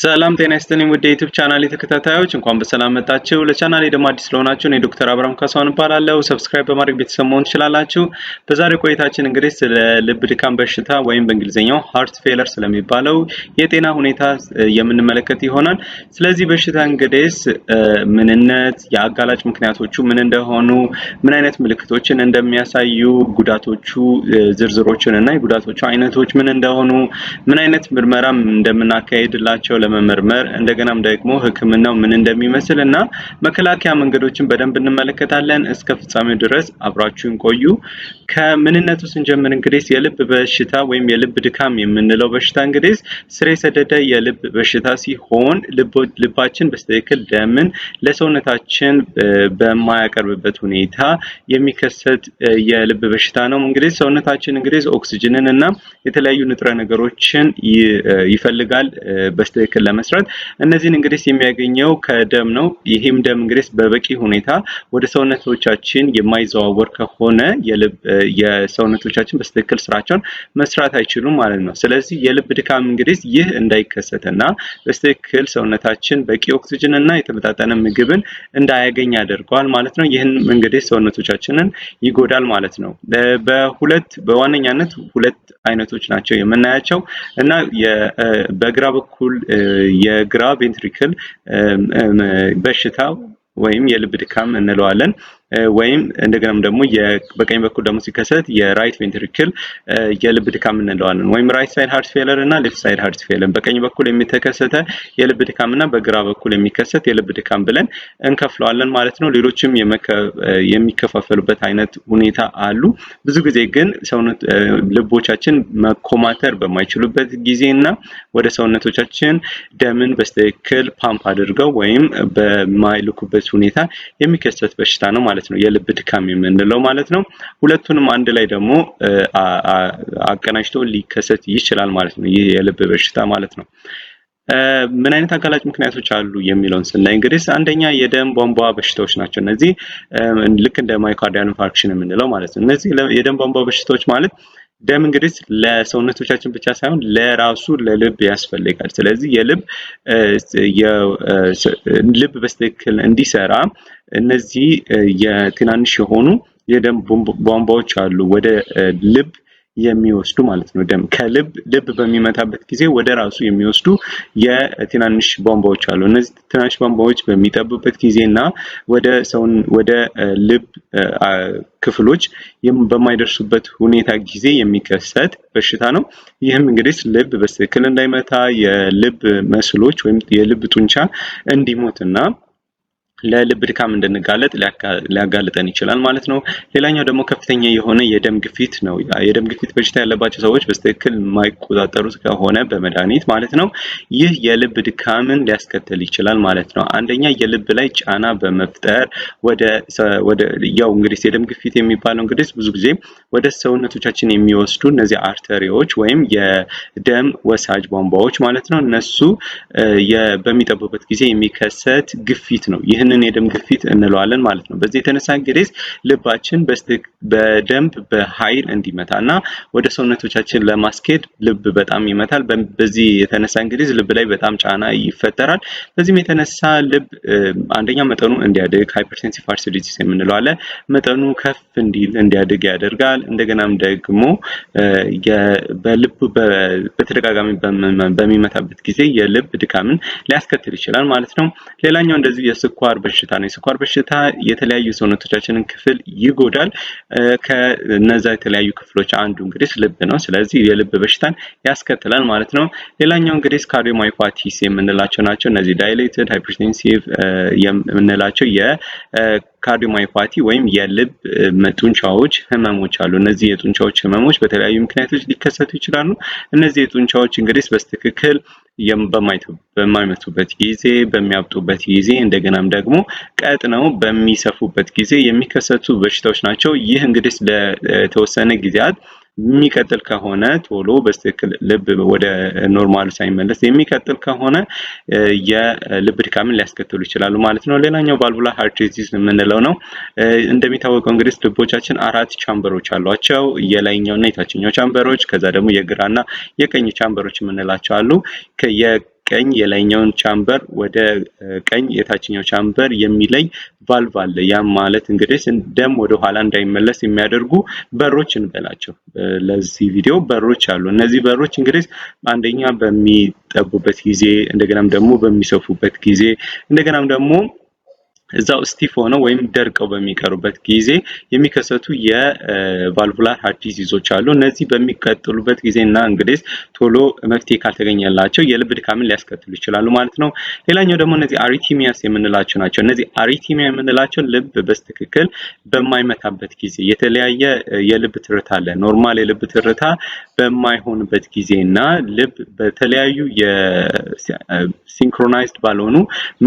ሰላም ጤና ይስጥልኝ ውድ የዩቲዩብ ቻናል ተከታታዮች እንኳን በሰላም መጣችሁ። ለቻናሌ ደግሞ አዲስ ለሆናችሁ እኔ ዶክተር አብርሃም ካሳሁን እባላለሁ። ሰብስክራይብ በማድረግ ቤተሰብ መሆን ትችላላችሁ። በዛሬ ቆይታችን እንግዲህ ስለ ልብ ድካም በሽታ ወይም በእንግሊዝኛው ሃርት ፌለር ስለሚባለው የጤና ሁኔታ የምንመለከት ይሆናል። ስለዚህ በሽታ እንግዲህ ምንነት፣ የአጋላጭ ምክንያቶቹ ምን እንደሆኑ፣ ምን አይነት ምልክቶችን እንደሚያሳዩ፣ ጉዳቶቹ ዝርዝሮችን እና የጉዳቶቹ አይነቶች ምን እንደሆኑ፣ ምን አይነት ምርመራ እንደምናካሄድላቸው ለመመርመር እንደገናም ደግሞ ህክምናው ምን እንደሚመስል እና መከላከያ መንገዶችን በደንብ እንመለከታለን። እስከ ፍጻሜው ድረስ አብራችሁን ቆዩ። ከምንነቱ ስንጀምር እንግዲህ የልብ በሽታ ወይም የልብ ድካም የምንለው በሽታ እንግዲህ ስር የሰደደ የልብ በሽታ ሲሆን ልባችን በስተክል ደምን ለሰውነታችን በማያቀርብበት ሁኔታ የሚከሰት የልብ በሽታ ነው። እንግዲህ ሰውነታችን እንግዲህ ኦክስጅንን እና የተለያዩ ንጥረ ነገሮችን ይፈልጋል በስተክል ምልክት ለመስራት እነዚህን እንግዲህ የሚያገኘው ከደም ነው። ይህም ደም እንግዲህ በበቂ ሁኔታ ወደ ሰውነቶቻችን የማይዘዋወር ከሆነ የሰውነቶቻችን በስትክክል ስራቸውን መስራት አይችሉም ማለት ነው። ስለዚህ የልብ ድካም እንግዲህ ይህ እንዳይከሰትና በስትክክል ሰውነታችን በቂ ኦክሲጅን እና የተመጣጠነ ምግብን እንዳያገኝ ያደርገዋል ማለት ነው። ይህን እንግዲህ ሰውነቶቻችንን ይጎዳል ማለት ነው። በሁለት በዋነኛነት ሁለት አይነቶች ናቸው የምናያቸው እና በግራ በኩል የግራ ቬንትሪክል በሽታ ወይም የልብ ድካም እንለዋለን። ወይም እንደገናም ደግሞ በቀኝ በኩል ደግሞ ሲከሰት የራይት ቬንትሪክል የልብ ድካም እንለዋለን። ወይም ራይት ሳይድ ሃርት ፌለር እና ሌፍት ሳይድ ሃርት ፌለር፣ በቀኝ በኩል የሚተከሰተ የልብ ድካም እና በግራ በኩል የሚከሰት የልብ ድካም ብለን እንከፍለዋለን ማለት ነው። ሌሎችም የሚከፋፈሉበት አይነት ሁኔታ አሉ። ብዙ ጊዜ ግን ሰውነት ልቦቻችን መኮማተር በማይችሉበት ጊዜ እና ወደ ሰውነቶቻችን ደምን በስትክክል ፓምፕ አድርገው ወይም በማይልኩበት ሁኔታ የሚከሰት በሽታ ነው ማለት ነው። ማለት ነው። የልብ ድካም የምንለው ማለት ነው። ሁለቱንም አንድ ላይ ደግሞ አቀናጅቶ ሊከሰት ይችላል ማለት ነው። ይህ የልብ በሽታ ማለት ነው። ምን አይነት አጋላጭ ምክንያቶች አሉ የሚለውን ስናይ እንግዲህ አንደኛ የደም ቧንቧ በሽታዎች ናቸው። እነዚህ ልክ እንደ ማይኮርዲያል ኢንፋርክሽን የምንለው ማለት ነው። እነዚህ የደም ቧንቧ በሽታዎች ማለት ደም እንግዲህ ለሰውነቶቻችን ብቻ ሳይሆን ለራሱ ለልብ ያስፈልጋል። ስለዚህ የልብ ልብ በስትክክል እንዲሰራ እነዚህ የትናንሽ የሆኑ የደም ቧንቧዎች አሉ ወደ ልብ የሚወስዱ ማለት ነው። ደም ከልብ ልብ በሚመታበት ጊዜ ወደ ራሱ የሚወስዱ የትናንሽ ቧንቧዎች አሉ። እነዚህ ትናንሽ ቧንቧዎች በሚጠቡበት ጊዜ እና ወደ ሰውን ወደ ልብ ክፍሎች በማይደርሱበት ሁኔታ ጊዜ የሚከሰት በሽታ ነው። ይህም እንግዲህ ልብ በትክክል እንዳይመታ የልብ መስሎች ወይም የልብ ጡንቻ እንዲሞት እና ለልብ ድካም እንድንጋለጥ ሊያጋልጠን ይችላል ማለት ነው። ሌላኛው ደግሞ ከፍተኛ የሆነ የደም ግፊት ነው። የደም ግፊት በሽታ ያለባቸው ሰዎች በትክክል የማይቆጣጠሩት ከሆነ በመድኃኒት ማለት ነው ይህ የልብ ድካምን ሊያስከትል ይችላል ማለት ነው። አንደኛ የልብ ላይ ጫና በመፍጠር ወደ ያው እንግዲህ የደም ግፊት የሚባለው እንግዲህ ብዙ ጊዜ ወደ ሰውነቶቻችን የሚወስዱ እነዚህ አርተሪዎች ወይም የደም ወሳጅ ቧንቧዎች ማለት ነው እነሱ በሚጠቡበት ጊዜ የሚከሰት ግፊት ነው። ይህን ይህንን የደም ግፊት እንለዋለን ማለት ነው። በዚህ የተነሳ እንግዲህ ልባችን በደንብ በኃይል እንዲመታ እና ወደ ሰውነቶቻችን ለማስኬድ ልብ በጣም ይመታል። በዚህ የተነሳ እንግዲህ ልብ ላይ በጣም ጫና ይፈጠራል። በዚህም የተነሳ ልብ አንደኛ መጠኑ እንዲያድግ ሃይፐርቴንሲቭ አርተሪ ዲዚዝ የምንለው መጠኑ ከፍ እንዲል እንዲያድግ ያደርጋል። እንደገናም ደግሞ በልብ በተደጋጋሚ በሚመታበት ጊዜ የልብ ድካምን ሊያስከትል ይችላል ማለት ነው። ሌላኛው እንደዚህ የስኳር በሽታ ነው። የስኳር በሽታ የተለያዩ ሰውነቶቻችንን ክፍል ይጎዳል። ከነዛ የተለያዩ ክፍሎች አንዱ እንግዲህ ልብ ነው። ስለዚህ የልብ በሽታን ያስከትላል ማለት ነው። ሌላኛው እንግዲህ ካርዲዮማዮፓቲስ የምንላቸው ናቸው። እነዚህ ዳይሌትድ ሃይፐርቴንሲቭ የምንላቸው የካርዲዮማዮፓቲ ወይም የልብ ጡንቻዎች ህመሞች አሉ። እነዚህ የጡንቻዎች ህመሞች በተለያዩ ምክንያቶች ሊከሰቱ ይችላሉ። እነዚህ የጡንቻዎች እንግዲህ በስትክክል በማይመቱበት ጊዜ በሚያብጡበት ጊዜ እንደገናም ደግሞ ቀጥነው በሚሰፉበት ጊዜ የሚከሰቱ በሽታዎች ናቸው። ይህ እንግዲህ ለተወሰነ ጊዜያት የሚቀጥል ከሆነ ቶሎ በስትክክል ልብ ወደ ኖርማሉ ሳይመለስ የሚቀጥል ከሆነ የልብ ድካምን ሊያስከትሉ ይችላሉ ማለት ነው። ሌላኛው ቫልቩላር ሃርት ዲዚዝ የምንለው ነው። እንደሚታወቀው እንግዲህ ልቦቻችን አራት ቻምበሮች አሏቸው። የላይኛውና የታችኛው ቻምበሮች፣ ከዛ ደግሞ የግራና የቀኝ ቻምበሮች የምንላቸው አሉ። ቀኝ የላይኛውን ቻምበር ወደ ቀኝ የታችኛው ቻምበር የሚለይ ቫልቭ አለ። ያም ማለት እንግዲህ ደም ወደ ኋላ እንዳይመለስ የሚያደርጉ በሮች እንበላቸው። ለዚህ ቪዲዮ በሮች አሉ። እነዚህ በሮች እንግዲህ አንደኛ በሚጠቡበት ጊዜ እንደገናም ደግሞ በሚሰፉበት ጊዜ እንደገናም ደግሞ እዛው ስቲፍ ሆነው ወይም ደርቀው በሚቀሩበት ጊዜ የሚከሰቱ የቫልቩላር ሃርት ዲዚዞች አሉ። እነዚህ በሚቀጥሉበት ጊዜና እንግዲህ ቶሎ መፍትሄ ካልተገኘላቸው የልብ ድካምን ሊያስከትሉ ይችላሉ ማለት ነው። ሌላኛው ደግሞ እነዚህ አሪቲሚያስ የምንላቸው ናቸው። እነዚህ አሪቲሚያ የምንላቸው ልብ በስትክክል በማይመታበት ጊዜ የተለያየ የልብ ትርታ አለ። ኖርማል የልብ ትርታ በማይሆንበት ጊዜና ልብ በተለያዩ የሲንክሮናይዝድ ባልሆኑ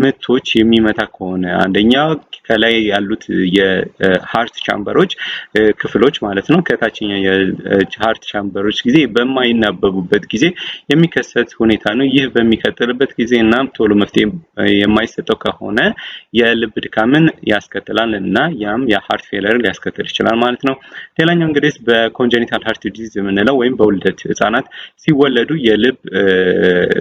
ምቶች የሚመታ ከሆነ አንደኛ ከላይ ያሉት የሃርት ቻምበሮች ክፍሎች ማለት ነው ከታችኛ የሃርት ቻምበሮች ጊዜ በማይናበቡበት ጊዜ የሚከሰት ሁኔታ ነው። ይህ በሚቀጥልበት ጊዜ እና ቶሎ መፍትሄ የማይሰጠው ከሆነ የልብ ድካምን ያስከትላል እና ያም የሃርት ፌለር ሊያስከትል ይችላል ማለት ነው። ሌላኛው እንግዲህ በኮንጀኒታል ሃርት ዲዚዝ የምንለው ወይም በውልደት ህጻናት ሲወለዱ የልብ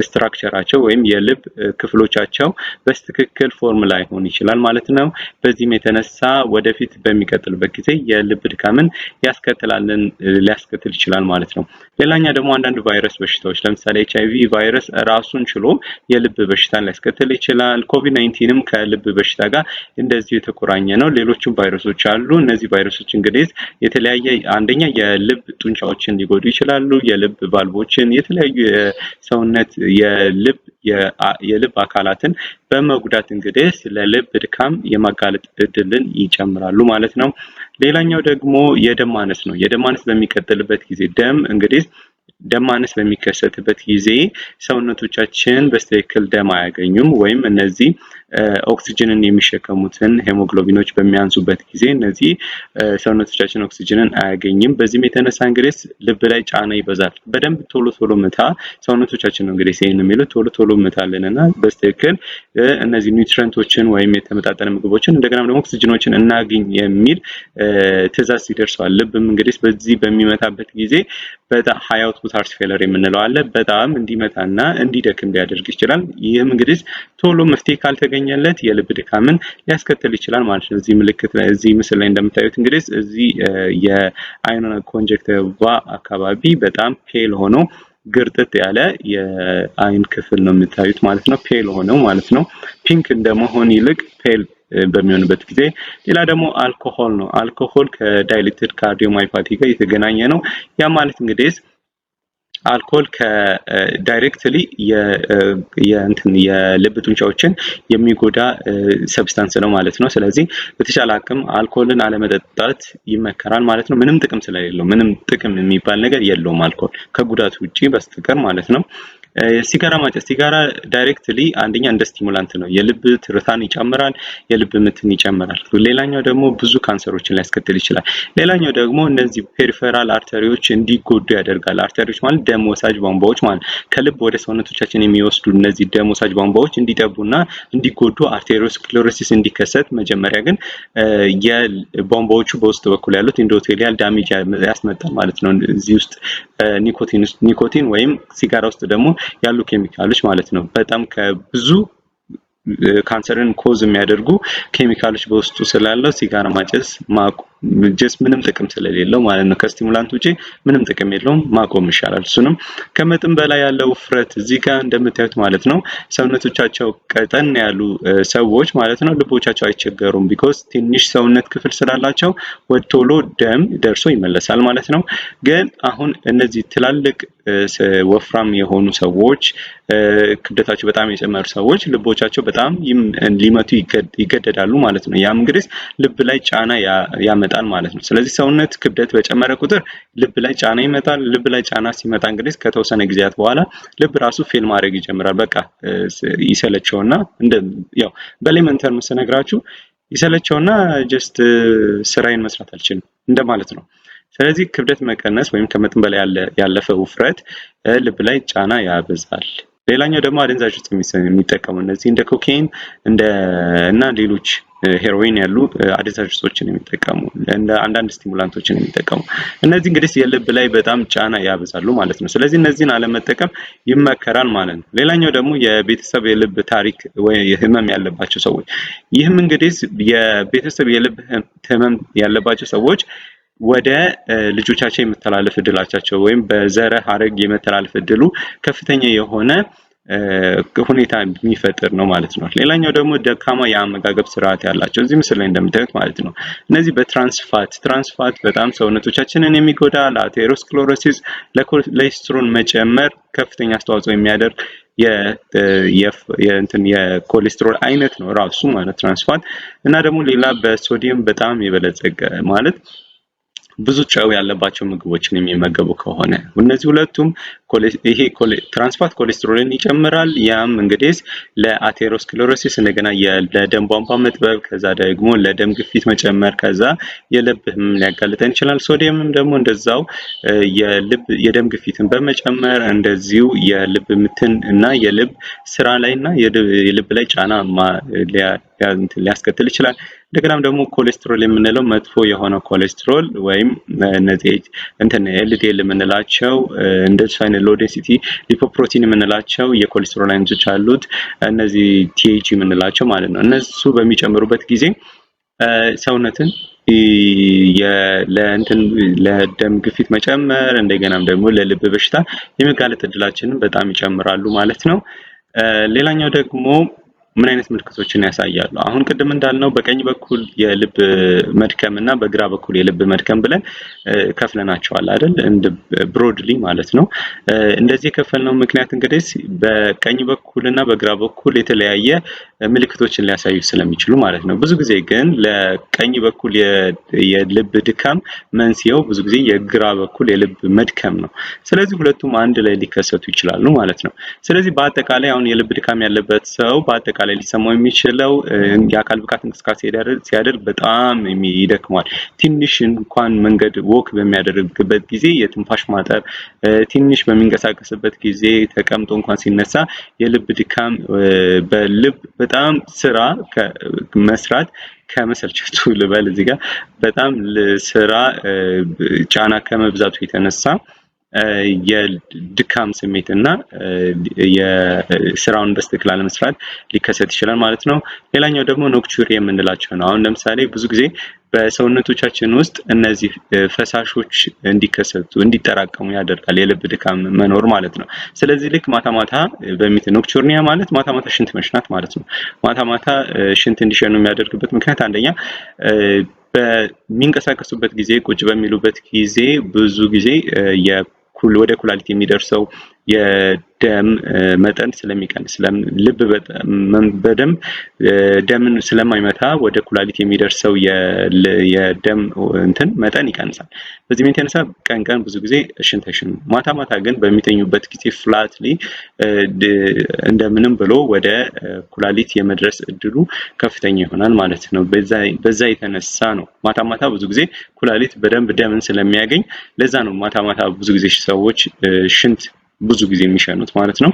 ስትራክቸራቸው ወይም የልብ ክፍሎቻቸው በስትክክል ፎርም ላይሆን ይችላል ማለት ነው። በዚህም የተነሳ ወደፊት በሚቀጥልበት ጊዜ የልብ ድካምን ያስከትላልን ሊያስከትል ይችላል ማለት ነው። ሌላኛ ደግሞ አንዳንድ ቫይረስ በሽታዎች ለምሳሌ ኤች አይቪ ቫይረስ ራሱን ችሎ የልብ በሽታን ሊያስከትል ይችላል። ኮቪድ ናይንቲንም ከልብ በሽታ ጋር እንደዚሁ የተቆራኘ ነው። ሌሎችም ቫይረሶች አሉ። እነዚህ ቫይረሶች እንግዲህ የተለያየ አንደኛ የልብ ጡንቻዎችን ሊጎዱ ይችላሉ። የልብ ቫልቮችን የተለያዩ የሰውነት የልብ የልብ አካላትን በመጉዳት እንግዲህ ለልብ ለድካም የማጋለጥ እድልን ይጨምራሉ ማለት ነው። ሌላኛው ደግሞ የደም ማነስ ነው። የደም ማነስ በሚቀጥልበት ጊዜ ደም እንግዲህ ደም ማነስ በሚከሰትበት ጊዜ ሰውነቶቻችን በስተክል ደም አያገኙም ወይም እነዚህ ኦክሲጅንን የሚሸከሙትን ሄሞግሎቢኖች በሚያንሱበት ጊዜ እነዚህ ሰውነቶቻችን ኦክሲጅንን አያገኝም። በዚህም የተነሳ እንግዲህ ልብ ላይ ጫና ይበዛል። በደንብ ቶሎ ቶሎ ምታ ሰውነቶቻችን ነው እንግዲህ ይህን የሚሉት ቶሎ ቶሎ ምታለን እና በስትክክል እነዚህ ኒውትረንቶችን ወይም የተመጣጠነ ምግቦችን እንደገና ደግሞ ኦክሲጅኖችን እናገኝ የሚል ትእዛዝ ይደርሰዋል። ልብም እንግዲህ በዚህ በሚመታበት ጊዜ በጣም ሀያውት ቡታርስ ፌለር የምንለው አለ። በጣም እንዲመታና እንዲደክም ሊያደርግ ይችላል። ይህም እንግዲህ ቶሎ መፍትሄ ካልተገኘ ከተገኘለት የልብ ድካምን ሊያስከትል ይችላል ማለት ነው። እዚህ ምልክት ላይ እዚህ ምስል ላይ እንደምታዩት እንግዲህ እዚህ የአይን ኮንጀክቲቫ አካባቢ በጣም ፔል ሆኖ ግርጥት ያለ የአይን ክፍል ነው የምታዩት ማለት ነው። ፔል ሆነው ማለት ነው። ፒንክ እንደመሆን ይልቅ ፔል በሚሆንበት ጊዜ ሌላ ደግሞ አልኮሆል ነው። አልኮሆል ከዳይሌትድ ካርዲዮማይፓቲ ጋር የተገናኘ ነው። ያ ማለት እንግዲህ አልኮል ከዳይሬክትሊ የልብ ጡንቻዎችን የሚጎዳ ሰብስታንስ ነው ማለት ነው። ስለዚህ በተቻለ አቅም አልኮልን አለመጠጣት ይመከራል ማለት ነው። ምንም ጥቅም ስለሌለው ምንም ጥቅም የሚባል ነገር የለውም አልኮል ከጉዳት ውጪ በስተቀር ማለት ነው። ሲጋራ ማጨስ ሲጋራ ዳይሬክትሊ አንደኛ እንደ ስቲሙላንት ነው፣ የልብ ትርታን ይጨምራል፣ የልብ ምትን ይጨምራል። ሌላኛው ደግሞ ብዙ ካንሰሮችን ሊያስከትል ይችላል። ሌላኛው ደግሞ እነዚህ ፔሪፌራል አርተሪዎች እንዲጎዱ ያደርጋል። አርተሪዎች ማለት ደም ወሳጅ ቧንቧዎች ማለት ከልብ ወደ ሰውነቶቻችን የሚወስዱ እነዚህ ደም ወሳጅ ቧንቧዎች እንዲጠቡና እንዲጎዱ አርቴሪዮስክሌሮሲስ እንዲከሰት መጀመሪያ ግን የቧንቧዎቹ በውስጥ በኩል ያሉት ኢንዶቴሊያል ዳሜጅ ያስመጣል ማለት ነው። እዚህ ውስጥ ኒኮቲን ወይም ሲጋራ ውስጥ ደግሞ ያሉ ኬሚካሎች ማለት ነው። በጣም ከብዙ ካንሰርን ኮዝ የሚያደርጉ ኬሚካሎች በውስጡ ስላለው ሲጋራ ማጨስ ጀስ ምንም ጥቅም ስለሌለው ማለት ነው። ከስቲሙላንት ውጪ ምንም ጥቅም የለውም፣ ማቆም ይሻላል። እሱንም ከመጠን በላይ ያለው ውፍረት እዚህ ጋር እንደምታዩት ማለት ነው። ሰውነቶቻቸው ቀጠን ያሉ ሰዎች ማለት ነው ልቦቻቸው አይቸገሩም፣ ቢኮዝ ትንሽ ሰውነት ክፍል ስላላቸው ወቶሎ ደም ደርሶ ይመለሳል ማለት ነው። ግን አሁን እነዚህ ትላልቅ ወፍራም የሆኑ ሰዎች፣ ክብደታቸው በጣም የጨመሩ ሰዎች ልቦቻቸው በጣም ሊመቱ ይገደዳሉ ማለት ነው። ያም እንግዲህ ልብ ላይ ጫና ያመጣል ማለት ነው። ስለዚህ ሰውነት ክብደት በጨመረ ቁጥር ልብ ላይ ጫና ይመጣል። ልብ ላይ ጫና ሲመጣ እንግዲህ ከተወሰነ ጊዜያት በኋላ ልብ ራሱ ፌል ማድረግ ይጀምራል። በቃ ይሰለቸውና እንደ ያው በሌመን ተርም ስነግራችሁ ይሰለቸውና ጀስት ስራዬን መስራት አልችልም እንደማለት ነው። ስለዚህ ክብደት መቀነስ ወይም ከመጠን በላይ ያለፈ ውፍረት ልብ ላይ ጫና ያበዛል። ሌላኛው ደግሞ አደንዛዥ ዕፅ የሚጠቀሙ እነዚህ እንደ ኮካይን እንደ እና ሌሎች ሄሮይን ያሉ አደንዛዥ ዕፆችን የሚጠቀሙ እንደ አንዳንድ ስቲሙላንቶችን የሚጠቀሙ እነዚህ እንግዲህ የልብ ላይ በጣም ጫና ያበዛሉ ማለት ነው። ስለዚህ እነዚህን አለመጠቀም ይመከራል ማለት ነው። ሌላኛው ደግሞ የቤተሰብ የልብ ታሪክ ወይ ህመም ያለባቸው ሰዎች ይህም እንግዲህ የቤተሰብ የልብ ህመም ያለባቸው ሰዎች ወደ ልጆቻቸው የመተላለፍ እድላቻቸው ወይም በዘረ ሀረግ የመተላለፍ እድሉ ከፍተኛ የሆነ ሁኔታ የሚፈጥር ነው ማለት ነው። ሌላኛው ደግሞ ደካማ የአመጋገብ ስርዓት ያላቸው እዚህ ምስል ላይ እንደምታዩት ማለት ነው። እነዚህ በትራንስፋት ትራንስፋት በጣም ሰውነቶቻችንን የሚጎዳ ለአቴሮስክሎሮሲስ፣ ለኮሌስትሮል መጨመር ከፍተኛ አስተዋጽኦ የሚያደርግ የእንትን የኮሌስትሮል አይነት ነው ራሱ ማለት ትራንስፋት እና ደግሞ ሌላ በሶዲየም በጣም የበለጸገ ማለት ብዙ ጨው ያለባቸው ምግቦችን የሚመገቡ ከሆነ እነዚህ ሁለቱም ይሄ ትራንስፋት ኮሌስትሮልን ይጨምራል። ያም እንግዲህ ለአቴሮስክሎሮሲስ እንደገና ለደም ቧንቧ መጥበብ፣ ከዛ ደግሞ ለደም ግፊት መጨመር፣ ከዛ የልብ ህመም ሊያጋልጠን ይችላል። ሶዲየምም ደግሞ እንደዛው የልብ የደም ግፊትን በመጨመር እንደዚሁ የልብ ምትን እና የልብ ስራ ላይ እና የልብ ላይ ጫና ሊያስከትል ይችላል። እንደገናም ደግሞ ኮሌስትሮል የምንለው መጥፎ የሆነ ኮሌስትሮል ወይም እነዚህ እንትን ኤልዲኤል የምንላቸው እንደ ሳይን ሎ ዴንሲቲ ሊፖፕሮቲን የምንላቸው የኮሌስትሮል አይነቶች አሉት። እነዚህ ቲኤች የምንላቸው ማለት ነው። እነሱ በሚጨምሩበት ጊዜ ሰውነትን ለእንትን ለደም ግፊት መጨመር እንደገናም ደግሞ ለልብ በሽታ የመጋለጥ እድላችንን በጣም ይጨምራሉ ማለት ነው። ሌላኛው ደግሞ ምን አይነት ምልክቶችን ያሳያሉ? አሁን ቅድም እንዳልነው በቀኝ በኩል የልብ መድከም እና በግራ በኩል የልብ መድከም ብለን ከፍለናቸዋል አይደል? እንደ ብሮድሊ ማለት ነው። እንደዚህ የከፈልነው ምክንያት እንግዲህ በቀኝ በኩል እና በግራ በኩል የተለያየ ምልክቶችን ሊያሳዩ ስለሚችሉ ማለት ነው። ብዙ ጊዜ ግን ለቀኝ በኩል የልብ ድካም መንስኤው ብዙ ጊዜ የግራ በኩል የልብ መድከም ነው። ስለዚህ ሁለቱም አንድ ላይ ሊከሰቱ ይችላሉ ማለት ነው። ስለዚህ በአጠቃላይ አሁን የልብ ድካም ያለበት ሰው በአጠቃላይ ላይ ሊሰማው የሚችለው የአካል ብቃት እንቅስቃሴ ሲያደርግ በጣም ይደክሟል። ትንሽ እንኳን መንገድ ወክ በሚያደርግበት ጊዜ የትንፋሽ ማጠር፣ ትንሽ በሚንቀሳቀስበት ጊዜ ተቀምጦ እንኳን ሲነሳ የልብ ድካም፣ በልብ በጣም ስራ መስራት ከመሰልቸቱ ልበል እዚህ ጋር በጣም ስራ ጫና ከመብዛቱ የተነሳ የድካም ስሜት እና የስራውን በስተክል አለመስራት ሊከሰት ይችላል ማለት ነው። ሌላኛው ደግሞ ኖክቹሪ የምንላቸው ነው። አሁን ለምሳሌ ብዙ ጊዜ በሰውነቶቻችን ውስጥ እነዚህ ፈሳሾች እንዲከሰቱ እንዲጠራቀሙ ያደርጋል የልብ ድካም መኖር ማለት ነው። ስለዚህ ልክ ማታ ማታ በሚት ኖክቹርኒያ ማለት ማታ ማታ ሽንት መሽናት ማለት ነው። ማታ ማታ ሽንት እንዲሸኑ የሚያደርግበት ምክንያት አንደኛ በሚንቀሳቀሱበት ጊዜ ቁጭ በሚሉበት ጊዜ ብዙ ጊዜ ወደ ኩላሊት የሚደርሰው የደም መጠን ስለሚቀንስ ልብ በደም ደምን ስለማይመታ ወደ ኩላሊት የሚደርሰው የደም እንትን መጠን ይቀንሳል። በዚህ የተነሳ ቀን ቀን ብዙ ጊዜ እሽንተሽን፣ ማታ ማታ ግን በሚተኙበት ጊዜ ፍላትሊ እንደምንም ብሎ ወደ ኩላሊት የመድረስ እድሉ ከፍተኛ ይሆናል ማለት ነው። በዛ የተነሳ ነው ማታ ማታ ብዙ ጊዜ ኩላሊት በደንብ ደምን ስለሚያገኝ ለዛ ነው ማታ ማታ ብዙ ጊዜ ሰዎች ሽንት ብዙ ጊዜ የሚሸኑት ማለት ነው።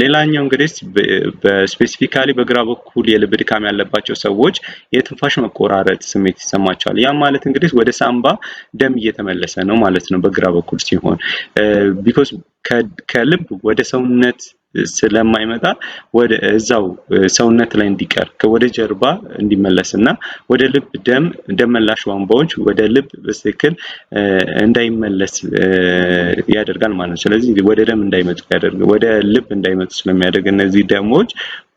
ሌላኛው እንግዲህ በስፔሲፊካሊ በግራ በኩል የልብ ድካም ያለባቸው ሰዎች የትንፋሽ መቆራረጥ ስሜት ይሰማቸዋል። ያ ማለት እንግዲህ ወደ ሳምባ ደም እየተመለሰ ነው ማለት ነው በግራ በኩል ሲሆን ቢኮዝ ከልብ ወደ ሰውነት ስለማይመጣ ወደ እዛው ሰውነት ላይ እንዲቀር ወደ ጀርባ እንዲመለስ እና ወደ ልብ ደም ደመላሽ ቧንቧዎች ወደ ልብ በትክክል እንዳይመለስ ያደርጋል ማለት ነው። ስለዚህ ወደ ደም እንዳይመጡ ያደርግ ወደ ልብ እንዳይመጡ ስለሚያደርግ እነዚህ ደሞች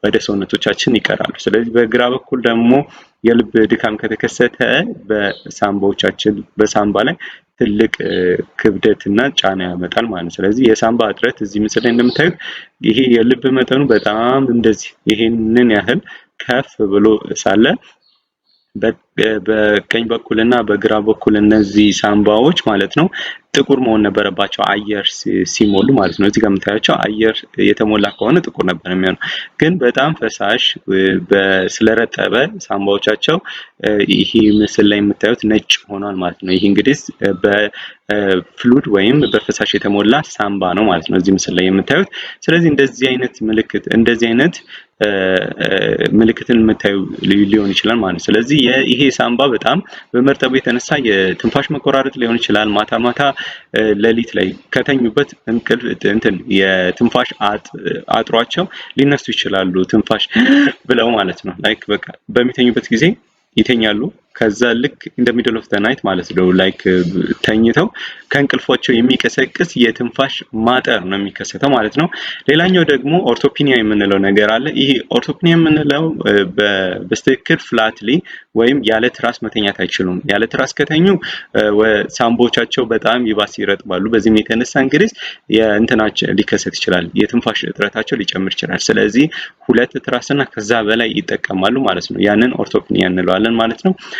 ወደ ሰውነቶቻችን ይቀራሉ። ስለዚህ በግራ በኩል ደግሞ የልብ ድካም ከተከሰተ በሳምባዎቻችን በሳምባ ላይ ትልቅ ክብደትና ጫና ያመጣል ማለት ነው። ስለዚህ የሳምባ እጥረት እዚህ ምስል ላይ እንደምታዩት ይሄ የልብ መጠኑ በጣም እንደዚህ ይሄንን ያህል ከፍ ብሎ ሳለ በቀኝ በኩል እና በግራ በኩል እነዚህ ሳምባዎች ማለት ነው ጥቁር መሆን ነበረባቸው አየር ሲሞሉ ማለት ነው። እዚህ ጋር የምታያቸው አየር የተሞላ ከሆነ ጥቁር ነበር የሚሆነው፣ ግን በጣም ፈሳሽ ስለረጠበ ሳምባዎቻቸው ይህ ምስል ላይ የምታዩት ነጭ ሆኗል ማለት ነው። ይህ እንግዲህ በፍሉድ ወይም በፈሳሽ የተሞላ ሳምባ ነው ማለት ነው እዚህ ምስል ላይ የምታዩት። ስለዚህ እንደዚህ አይነት ምልክት እንደዚህ አይነት ምልክትን የምታዩ ሊሆን ይችላል ማለት ነው። ስለዚህ ይሄ ሳምባ በጣም በመርጠቡ የተነሳ የትንፋሽ መቆራረጥ ሊሆን ይችላል። ማታ ማታ ሌሊት ላይ ከተኙበት እንቅልፍ እንትን የትንፋሽ አጥሯቸው ሊነሱ ይችላሉ። ትንፋሽ ብለው ማለት ነው። ላይክ በቃ በሚተኙበት ጊዜ ይተኛሉ። ከዛ ልክ እንደ ሚድል ኦፍ ዘ ናይት ማለት ነው ላይክ ተኝተው ከእንቅልፏቸው የሚቀሰቅስ የትንፋሽ ማጠር ነው የሚከሰተው ማለት ነው። ሌላኛው ደግሞ ኦርቶፒኒያ የምንለው ነገር አለ። ይሄ ኦርቶፒኒያ የምንለው በስትክክል ፍላትሊ ወይም ያለ ትራስ መተኛት አይችሉም። ያለ ትራስ ከተኙ ሳምቦቻቸው በጣም ይባስ ይረጥባሉ። በዚህም የተነሳ እንግዲህ የእንትናቸው ሊከሰት ይችላል፣ የትንፋሽ እጥረታቸው ሊጨምር ይችላል። ስለዚህ ሁለት ትራስና ከዛ በላይ ይጠቀማሉ ማለት ነው። ያንን ኦርቶፒኒያ እንለዋለን ማለት ነው።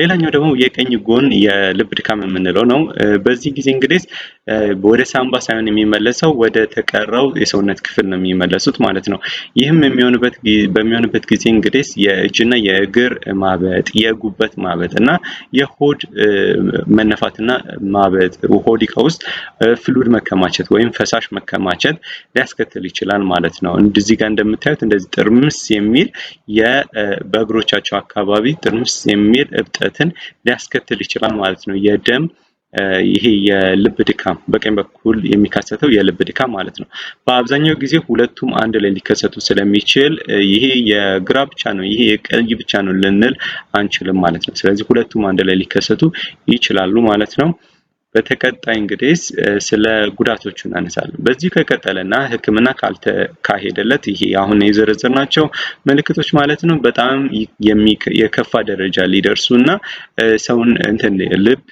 ሌላኛው ደግሞ የቀኝ ጎን የልብ ድካም የምንለው ነው። በዚህ ጊዜ እንግዲህ ወደ ሳምባ ሳይሆን የሚመለሰው ወደ ተቀረው የሰውነት ክፍል ነው የሚመለሱት ማለት ነው። ይህም በሚሆንበት ጊዜ እንግዲህ የእጅና የእግር ማበጥ፣ የጉበት ማበጥ እና የሆድ መነፋትና ማበጥ ሆዲቃ ውስጥ ፍሉድ መከማቸት ወይም ፈሳሽ መከማቸት ሊያስከትል ይችላል ማለት ነው። እንደዚህ ጋር እንደምታዩት እንደዚህ ጥርምስ የሚል በእግሮቻቸው አካባቢ ጥርምስ የሚል እብጠት መበርተትን ሊያስከትል ይችላል ማለት ነው። የደም ይሄ የልብ ድካም በቀኝ በኩል የሚከሰተው የልብ ድካም ማለት ነው። በአብዛኛው ጊዜ ሁለቱም አንድ ላይ ሊከሰቱ ስለሚችል ይሄ የግራ ብቻ ነው፣ ይሄ የቀኝ ብቻ ነው ልንል አንችልም ማለት ነው። ስለዚህ ሁለቱም አንድ ላይ ሊከሰቱ ይችላሉ ማለት ነው። በተቀጣይ እንግዲህ ስለ ጉዳቶቹ እናነሳለን። በዚህ ከቀጠለና ሕክምና ካልተካሄደለት ይሄ አሁን ናቸው ምልክቶች ማለት ነው በጣም የከፋ ደረጃ ሊደርሱ እና ሰውን እንትን ልብ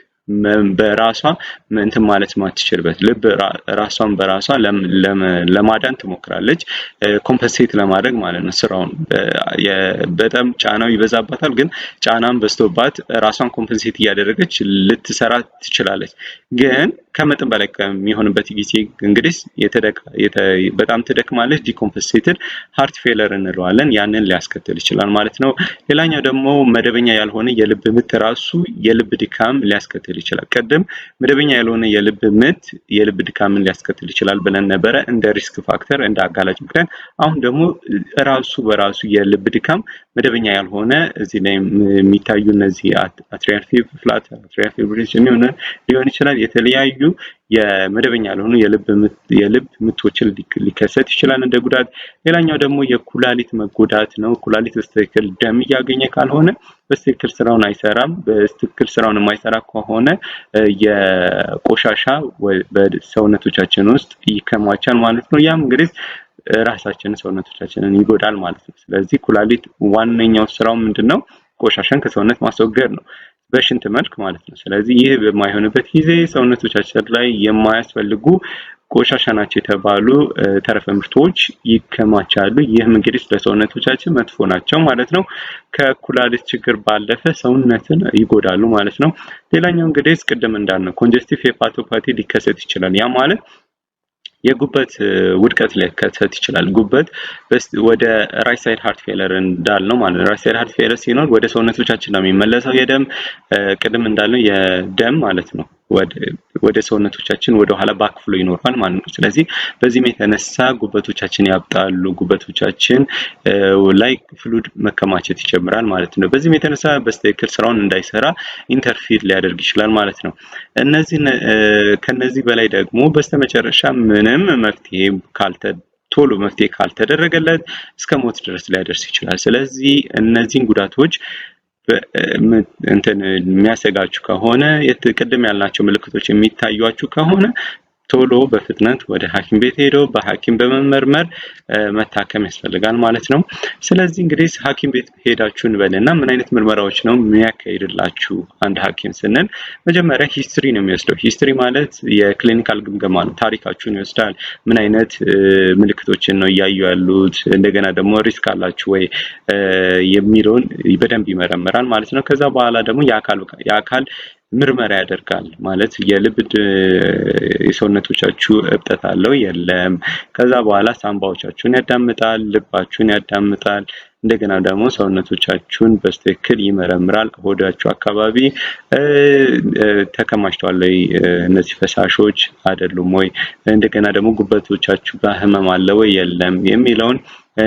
በራሷ እንትን ማለት ማትችልበት ልብ ራሷን በራሷ ለማዳን ትሞክራለች፣ ኮምፐንሴት ለማድረግ ማለት ነው ስራውን። በጣም ጫናው ይበዛባታል፣ ግን ጫናን በዝቶባት ራሷን ኮምፐንሴት እያደረገች ልትሰራ ትችላለች። ግን ከመጠን በላይ ከሚሆንበት ጊዜ እንግዲህ በጣም ትደክማለች። ዲኮምፐንሴትድ ሀርት ፌለር እንለዋለን። ያንን ሊያስከትል ይችላል ማለት ነው። ሌላኛው ደግሞ መደበኛ ያልሆነ የልብ ምት ራሱ የልብ ድካም ሊያስከትል ሊያስከትል ይችላል። ቅድም መደበኛ ያልሆነ የልብ ምት የልብ ድካምን ሊያስከትል ይችላል ብለን ነበረ እንደ ሪስክ ፋክተር እንደ አጋላጭ ምክንያት። አሁን ደግሞ ራሱ በራሱ የልብ ድካም መደበኛ ያልሆነ እዚህ ላይ የሚታዩ እነዚህ አትሪያል ፊብሪሌሽን፣ አትሪያል ፊብሪሌሽን ሊሆን ይችላል የተለያዩ የመደበኛ ያልሆኑ የልብ ምቶችን ሊከሰት ይችላል እንደ ጉዳት። ሌላኛው ደግሞ የኩላሊት መጎዳት ነው። ኩላሊት በስተክል ደም እያገኘ ካልሆነ በስትክክል ስራውን አይሰራም። በስትክክል ስራውን የማይሰራ ከሆነ የቆሻሻ በሰውነቶቻችን ውስጥ ይከማቻል ማለት ነው። ያም እንግዲህ ራሳችንን ሰውነቶቻችንን ይጎዳል ማለት ነው። ስለዚህ ኩላሊት ዋነኛው ስራው ምንድን ነው? ቆሻሻን ከሰውነት ማስወገድ ነው። በሽንት መልክ ማለት ነው። ስለዚህ ይህ በማይሆንበት ጊዜ ሰውነቶቻችን ላይ የማያስፈልጉ ቆሻሻ ናቸው የተባሉ ተረፈ ምርቶች ይከማቻሉ። ይህም እንግዲህ ለሰውነቶቻችን መጥፎ ናቸው ማለት ነው። ከኩላሊት ችግር ባለፈ ሰውነትን ይጎዳሉ ማለት ነው። ሌላኛው እንግዲህ ቅድም እንዳልነው ኮንጀስቲቭ ሄፓቶፓቲ ሊከሰት ይችላል። ያ ማለት የጉበት ውድቀት ሊከሰት ይችላል። ጉበት ወደ ራይት ሳይድ ሃርት ፌለር እንዳልነው ማለት ነው። ራይት ሳይድ ሃርት ፌለር ሲኖር ወደ ሰውነቶቻችን ነው የሚመለሰው የደም ቅድም እንዳልነው የደም ማለት ነው ወደ ሰውነቶቻችን ወደ ኋላ ባክፍሎ ይኖራል ማለት ነው። ስለዚህ በዚህም የተነሳ ጉበቶቻችን ያብጣሉ፣ ጉበቶቻችን ላይ ፍሉድ መከማቸት ይጀምራል ማለት ነው። በዚህም የተነሳ በስተክል ስራውን እንዳይሰራ ኢንተርፊር ሊያደርግ ይችላል ማለት ነው። እነዚህ ከነዚህ በላይ ደግሞ በስተመጨረሻ ምንም መፍትሄ ካልተ ቶሎ መፍትሄ ካልተደረገለት እስከ ሞት ድረስ ሊያደርስ ይችላል። ስለዚህ እነዚህን ጉዳቶች እንትን የሚያሰጋችሁ ከሆነ ቅድም ያልናቸው ምልክቶች የሚታዩችሁ ከሆነ ቶሎ በፍጥነት ወደ ሐኪም ቤት ሄዶ በሐኪም በመመርመር መታከም ያስፈልጋል ማለት ነው። ስለዚህ እንግዲህ ሐኪም ቤት ሄዳችሁ እንበልና ምን አይነት ምርመራዎች ነው የሚያካሂድላችሁ አንድ ሐኪም ስንል መጀመሪያ ሂስትሪ ነው የሚወስደው። ሂስትሪ ማለት የክሊኒካል ግምገማ ነው። ታሪካችሁን ይወስዳል። ምን አይነት ምልክቶችን ነው እያዩ ያሉት፣ እንደገና ደግሞ ሪስክ አላችሁ ወይ የሚለውን በደንብ ይመረምራል ማለት ነው። ከዛ በኋላ ደግሞ የአካል ምርመራ ያደርጋል ማለት የልብ የሰውነቶቻችሁ እብጠት አለው የለም። ከዛ በኋላ ሳንባዎቻችሁን ያዳምጣል፣ ልባችሁን ያዳምጣል። እንደገና ደግሞ ሰውነቶቻችሁን በስትክክል ይመረምራል። ሆዳችሁ አካባቢ ተከማችተዋል ወይ እነዚህ ፈሳሾች አይደሉም ወይ፣ እንደገና ደግሞ ጉበቶቻችሁ በህመም አለ ወይ የለም የሚለውን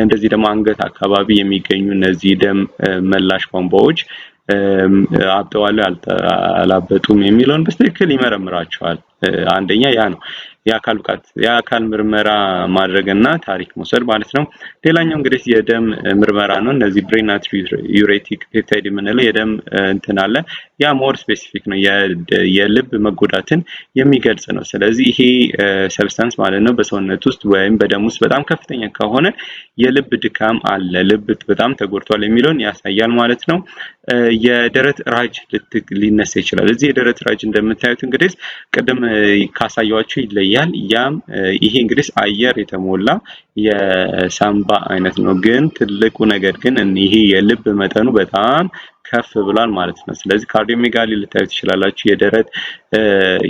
እንደዚህ ደግሞ አንገት አካባቢ የሚገኙ እነዚህ ደም መላሽ ቧንቧዎች አብጠዋል አላበጡም የሚለውን በትክክል ይመረምራቸዋል። አንደኛ ያ ነው የአካል ብቃት የአካል ምርመራ ማድረግና ታሪክ መውሰድ ማለት ነው። ሌላኛው እንግዲህ የደም ምርመራ ነው። እነዚህ ብሬን ዩሬቲክ ፔፕታይድ የምንለው የደም እንትን አለ። ያ ሞር ስፔሲፊክ ነው፣ የልብ መጎዳትን የሚገልጽ ነው። ስለዚህ ይሄ ሰብስታንስ ማለት ነው በሰውነት ውስጥ ወይም በደም ውስጥ በጣም ከፍተኛ ከሆነ የልብ ድካም አለ፣ ልብ በጣም ተጎድቷል የሚለውን ያሳያል ማለት ነው። የደረት ራጅ ሊነሳ ይችላል። እዚህ የደረት ራጅ እንደምታዩት እንግዲህ ቅድም ካሳያቸው ይለያል። ያም ይሄ እንግዲህ አየር የተሞላ የሳምባ አይነት ነው። ግን ትልቁ ነገር ግን ይሄ የልብ መጠኑ በጣም ከፍ ብሏል ማለት ነው። ስለዚህ ካርዲዮሜጋሊ ልታዩ ትችላላችሁ። የደረት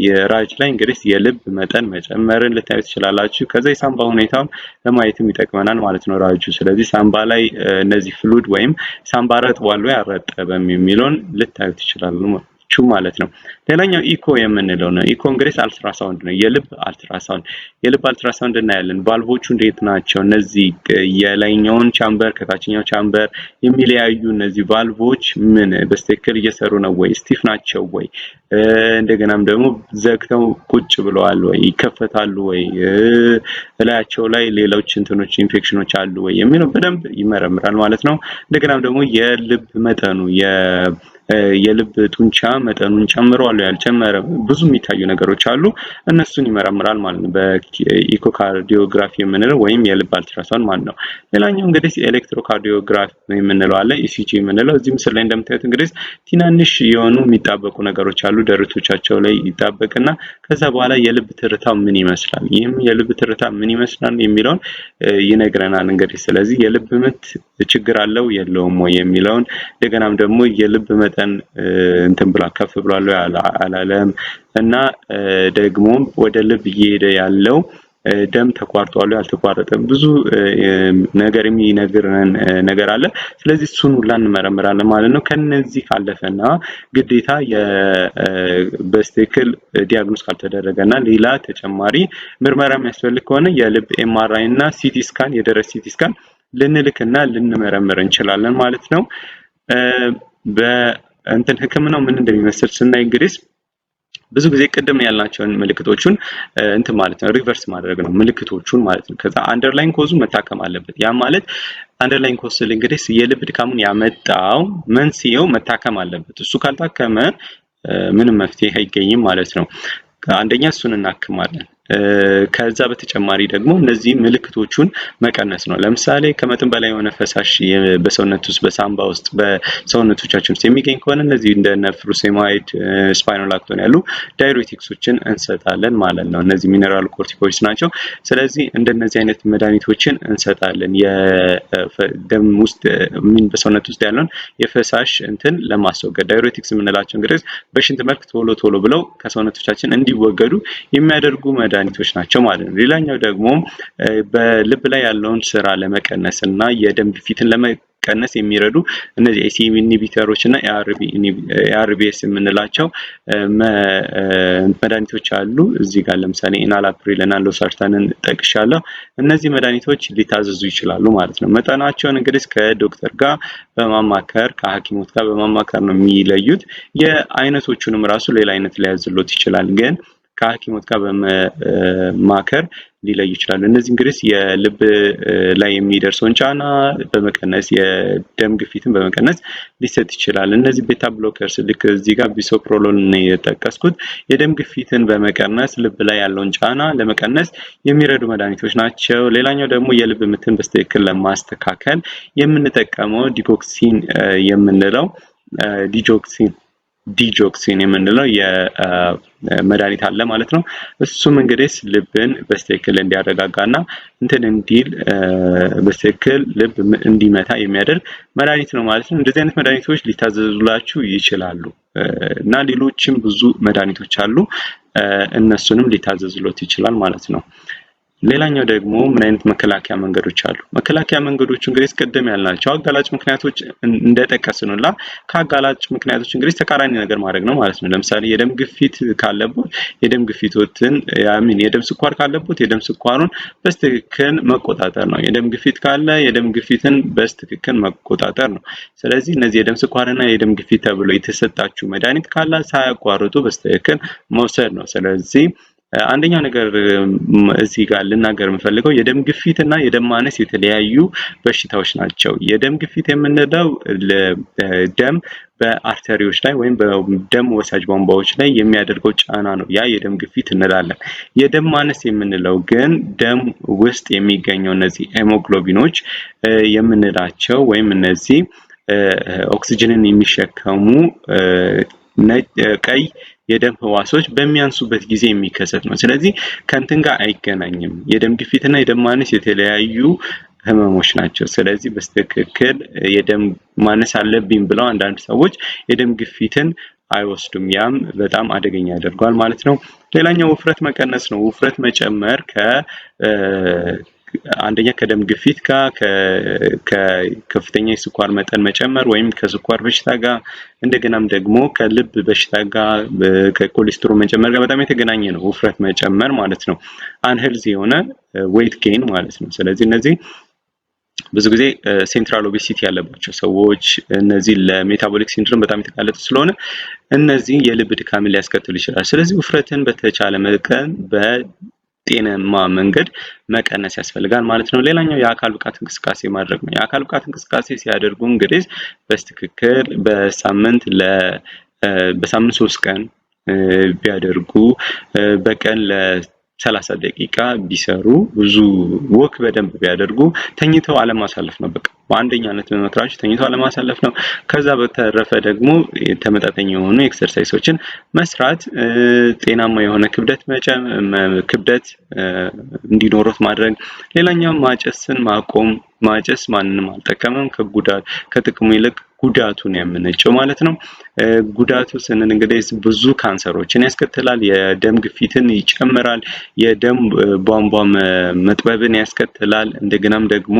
የራጅ ላይ እንግዲህ የልብ መጠን መጨመርን ልታዩ ትችላላችሁ። ከዛ የሳምባ ሁኔታም ለማየትም ይጠቅመናል ማለት ነው ራጁ። ስለዚህ ሳምባ ላይ እነዚህ ፍሉድ ወይም ሳምባ ረጥቧል ወይ አልረጠበም የሚለውን ልታዩ ትችላሉ። ቹ ማለት ነው። ሌላኛው ኢኮ የምንለው ነው። ኢኮንግሬስ አልትራሳውንድ ነው። የልብ አልትራሳውንድ የልብ አልትራሳውንድ እናያለን። ቫልቮቹ እንዴት ናቸው? እነዚህ የላይኛውን ቻምበር ከታችኛው ቻምበር የሚለያዩ እነዚህ ቫልቮች ምን በስትክክል እየሰሩ ነው ወይ? ስቲፍ ናቸው ወይ? እንደገናም ደግሞ ዘግተው ቁጭ ብለዋል ወይ? ይከፈታሉ ወይ? እላያቸው ላይ ሌሎች እንትኖች ኢንፌክሽኖች አሉ ወይ የሚለው በደንብ ይመረምራል ማለት ነው። እንደገናም ደግሞ የልብ መጠኑ የልብ ጡንቻ መጠኑን ጨምሯል፣ ያልጨመረ ብዙ የሚታዩ ነገሮች አሉ። እነሱን ይመረምራል ማለት ነው በኢኮካርዲዮግራፊ የምንለው ወይም የልብ አልትራሳውንድ ማለት ነው። ሌላኛው እንግዲህ ኤሌክትሮካርዲዮግራፊ የምንለው አለ፣ ኢሲጂ የምንለው እዚህ ምስል ላይ እንደምታዩት እንግዲህ ትናንሽ የሆኑ የሚጣበቁ ነገሮች አሉ። ደረቶቻቸው ላይ ይጣበቅና ከዛ በኋላ የልብ ትርታው ምን ይመስላል፣ ይህም የልብ ትርታ ምን ይመስላል የሚለውን ይነግረናል። እንግዲህ ስለዚህ የልብ ምት ችግር አለው የለውም ወይ የሚለውን እንደገናም ደግሞ የልብ መጠ መጠን እንትን ብሏል፣ ከፍ ብሏል አላለም እና ደግሞም ወደ ልብ እየሄደ ያለው ደም ተቋርጧል አልተቋረጠም፣ ብዙ ነገር የሚነግረን ነገር አለ። ስለዚህ እሱን ሁላ እንመረምራለን ማለት ነው። ከነዚህ ካለፈና ግዴታ በስትክክል ዲያግኖስ ካልተደረገና ሌላ ተጨማሪ ምርመራ የሚያስፈልግ ከሆነ የልብ ኤምአርአይ እና ሲቲ ስካን የደረት ሲቲ ስካን ልንልክና ልንመረምር እንችላለን ማለት ነው። እንትን ህክምናው ምን እንደሚመስል ስናይ እንግዲህ ብዙ ጊዜ ቅድም ያላቸውን ምልክቶቹን እንትን ማለት ነው ሪቨርስ ማድረግ ነው ምልክቶቹን ማለት ነው። ከዛ አንደርላይን ኮዙ መታከም አለበት። ያ ማለት አንደርላይን ኮዝ ስል እንግዲህ የልብ ድካሙን ያመጣው መንስኤው መታከም አለበት። እሱ ካልታከመ ምንም መፍትሄ አይገኝም ማለት ነው። አንደኛ እሱን እናክማለን። ከዛ በተጨማሪ ደግሞ እነዚህ ምልክቶቹን መቀነስ ነው። ለምሳሌ ከመጠን በላይ የሆነ ፈሳሽ በሰውነት ውስጥ በሳምባ ውስጥ በሰውነቶቻችን ውስጥ የሚገኝ ከሆነ እነዚህ እንደ ነፍሩሴማይድ፣ ስፓይኖላክቶን ያሉ ዳይሬቲክሶችን እንሰጣለን ማለት ነው። እነዚህ ሚነራል ኮርቲኮች ናቸው። ስለዚህ እንደነዚህ አይነት መድኃኒቶችን እንሰጣለን የደም ውስጥ በሰውነት ውስጥ ያለውን የፈሳሽ እንትን ለማስወገድ ዳይሬቲክስ የምንላቸው እንግዲህ በሽንት መልክ ቶሎ ቶሎ ብለው ከሰውነቶቻችን እንዲወገዱ የሚያደርጉ መድኃኒቶች መድኃኒቶች ናቸው ማለት ነው። ሌላኛው ደግሞ በልብ ላይ ያለውን ስራ ለመቀነስ እና የደም ግፊትን ለመ ቀነስ የሚረዱ እነዚህ ኤሲኢ ኢኒቢተሮች እና ኤአርቢኤስ የምንላቸው መድኃኒቶች አሉ። እዚህ ጋር ለምሳሌ ኢናላፕሪል እና ሎሳርታንን ጠቅሻለሁ። እነዚህ መድኃኒቶች ሊታዘዙ ይችላሉ ማለት ነው። መጠናቸውን እንግዲህ ከዶክተር ጋር በማማከር ከሐኪሞት ጋር በማማከር ነው የሚለዩት። የአይነቶቹንም ራሱ ሌላ አይነት ሊያዝሎት ይችላል ግን ከሐኪሞች ጋር በመማከር ሊለዩ ይችላሉ። እነዚህ እንግዲህ የልብ ላይ የሚደርሰውን ጫና በመቀነስ የደም ግፊትን በመቀነስ ሊሰጥ ይችላል። እነዚህ ቤታ ብሎከርስ ልክ እዚህ ጋር ቢሶፕሮሎል የጠቀስኩት የደም ግፊትን በመቀነስ ልብ ላይ ያለውን ጫና ለመቀነስ የሚረዱ መድኃኒቶች ናቸው። ሌላኛው ደግሞ የልብ ምትን በስትክክል ለማስተካከል የምንጠቀመው ዲጎክሲን የምንለው ዲጆክሲን ዲጆክሲን የምንለው የመድኃኒት አለ ማለት ነው። እሱም እንግዲህ ልብን በስትክክል እና እንትን እንዲል በስትክክል ልብ እንዲመታ የሚያደርግ መድኃኒት ነው ማለት ነው። እንደዚህ አይነት መድኃኒቶች ሊታዘዙላችሁ ይችላሉ እና ሌሎችም ብዙ መድኃኒቶች አሉ። እነሱንም ሊታዘዙሎት ይችላል ማለት ነው። ሌላኛው ደግሞ ምን አይነት መከላከያ መንገዶች አሉ? መከላከያ መንገዶች እንግዲህ ቀደም ያልናቸው አጋላጭ ምክንያቶች እንደጠቀስ ሁላ ከአጋላጭ ምክንያቶች እንግዲህ ተቃራኒ ነገር ማድረግ ነው ማለት ነው። ለምሳሌ የደም ግፊት ካለቦት የደም ግፊቶትን ያሚን የደም ስኳር ካለቦት የደም ስኳሩን በስትክክል መቆጣጠር ነው። የደም ግፊት ካለ የደም ግፊትን በስትክክል መቆጣጠር ነው። ስለዚህ እነዚህ የደም ስኳርና የደም ግፊት ተብሎ የተሰጣችሁ መድኃኒት ካለ ሳያቋርጡ በስትክክል መውሰድ ነው። ስለዚህ አንደኛ ነገር እዚህ ጋር ልናገር የምፈልገው የደም ግፊት እና የደም ማነስ የተለያዩ በሽታዎች ናቸው። የደም ግፊት የምንለው ደም በአርተሪዎች ላይ ወይም በደም ወሳጅ ቧንቧዎች ላይ የሚያደርገው ጫና ነው። ያ የደም ግፊት እንላለን። የደም ማነስ የምንለው ግን ደም ውስጥ የሚገኘው እነዚህ ሄሞግሎቢኖች የምንላቸው ወይም እነዚህ ኦክሲጅንን የሚሸከሙ ቀይ የደም ህዋሶች በሚያንሱበት ጊዜ የሚከሰት ነው። ስለዚህ ከንትን ጋር አይገናኝም። የደም ግፊትና የደም ማነስ የተለያዩ ህመሞች ናቸው። ስለዚህ በስትክክል የደም ማነስ አለብኝ ብለው አንዳንድ ሰዎች የደም ግፊትን አይወስዱም። ያም በጣም አደገኛ ያደርገዋል ማለት ነው። ሌላኛው ውፍረት መቀነስ ነው። ውፍረት መጨመር ከ አንደኛ ከደም ግፊት ጋር ከከፍተኛ የስኳር መጠን መጨመር ወይም ከስኳር በሽታ ጋር እንደገናም ደግሞ ከልብ በሽታ ጋር ከኮሌስትሮል መጨመር ጋር በጣም የተገናኘ ነው። ውፍረት መጨመር ማለት ነው። አንሄልዚ የሆነ ዌይት ጌን ማለት ነው። ስለዚህ እነዚህ ብዙ ጊዜ ሴንትራል ኦቤሲቲ ያለባቸው ሰዎች እነዚህ ለሜታቦሊክ ሲንድሮም በጣም የተጋለጡ ስለሆነ እነዚህ የልብ ድካምን ሊያስከትሉ ይችላል። ስለዚህ ውፍረትን በተቻለ መጠን ጤናማ መንገድ መቀነስ ያስፈልጋል ማለት ነው። ሌላኛው የአካል ብቃት እንቅስቃሴ ማድረግ ነው። የአካል ብቃት እንቅስቃሴ ሲያደርጉ እንግዲህ በስትክክል በሳምንት ለ በሳምንት ሶስት ቀን ቢያደርጉ በቀን ለ ሰላሳ ደቂቃ ቢሰሩ ብዙ ወክ በደንብ ቢያደርጉ ተኝተው አለማሳለፍ ነው በቃ በአንደኛነት በመክራችሁ ተኝቷ ለማሳለፍ ነው። ከዛ በተረፈ ደግሞ ተመጣጣኝ የሆኑ ኤክሰርሳይሶችን መስራት፣ ጤናማ የሆነ ክብደት ክብደት እንዲኖሩት ማድረግ። ሌላኛው ማጨስን ማቆም። ማጨስ ማንንም አልጠቀምም ከጉዳት ከጥቅሙ ይልቅ ጉዳቱን ያመነጨው ማለት ነው። ጉዳቱ ስንል እንግዲህ ብዙ ካንሰሮችን ያስከትላል። የደም ግፊትን ይጨምራል። የደም ቧንቧ መጥበብን ያስከትላል። እንደገናም ደግሞ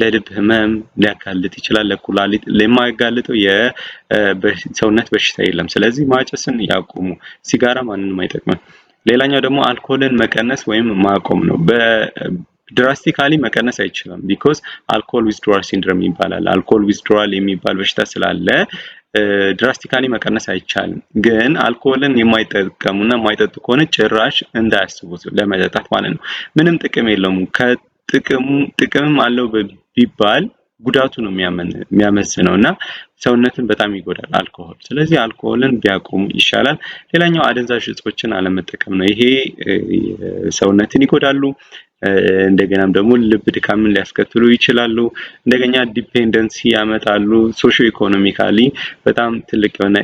ለልብ ህመም ሊያጋልጥ ይችላል። ለኩላሊት የማያጋልጠው የሰውነት በሽታ የለም። ስለዚህ ማጨስን ያቁሙ። ሲጋራ ማንንም አይጠቅምም። ሌላኛው ደግሞ አልኮልን መቀነስ ወይም ማቆም ነው። ድራስቲካሊ መቀነስ አይችልም። ቢኮዝ አልኮል ዊዝድራል ሲንድሮም ይባላል። አልኮል ዊዝድራል የሚባል በሽታ ስላለ ድራስቲካሊ መቀነስ አይቻልም። ግን አልኮልን የማይጠቀሙና የማይጠጡ ከሆነ ጭራሽ እንዳያስቡት ለመጠጣት ማለት ነው። ምንም ጥቅም የለውም። ጥቅምም አለው ቢባል ጉዳቱ ነው የሚያመዝነው እና ሰውነትን በጣም ይጎዳል አልኮሆል። ስለዚህ አልኮሆልን ቢያቆሙ ይሻላል። ሌላኛው አደንዛዥ እጾችን አለመጠቀም ነው። ይሄ ሰውነትን ይጎዳሉ። እንደገናም ደግሞ ልብ ድካምን ሊያስከትሉ ይችላሉ። እንደገና ዲፔንደንሲ ያመጣሉ። ሶሾ ኢኮኖሚካሊ በጣም ትልቅ የሆነ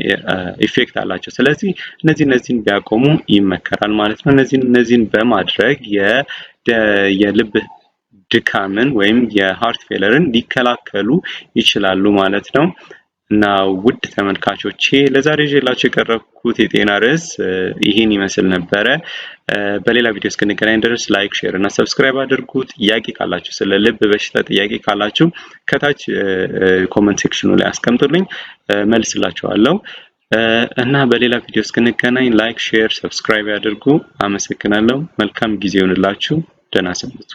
ኢፌክት አላቸው። ስለዚህ እነዚህ እነዚህን ቢያቆሙ ይመከራል ማለት ነው። እነዚህን እነዚህን በማድረግ የልብ ድካምን ወይም የሃርት ፌለርን ሊከላከሉ ይችላሉ ማለት ነው። እና ውድ ተመልካቾቼ ለዛሬ ይዤላችሁ የቀረብኩት የጤና ርዕስ ይህን ይመስል ነበረ። በሌላ ቪዲዮ እስክንገናኝ ድረስ ላይክ፣ ሼር እና ሰብስክራይብ አድርጉ። ጥያቄ ካላችሁ ስለ ልብ በሽታ ጥያቄ ካላችሁ ከታች ኮመንት ሴክሽኑ ላይ አስቀምጡልኝ፣ መልስላችኋለሁ። እና በሌላ ቪዲዮ እስክንገናኝ ላይክ፣ ሼር፣ ሰብስክራይብ ያድርጉ። አመሰግናለሁ። መልካም ጊዜ ይሆንላችሁ። ደህና ሰንብቱ።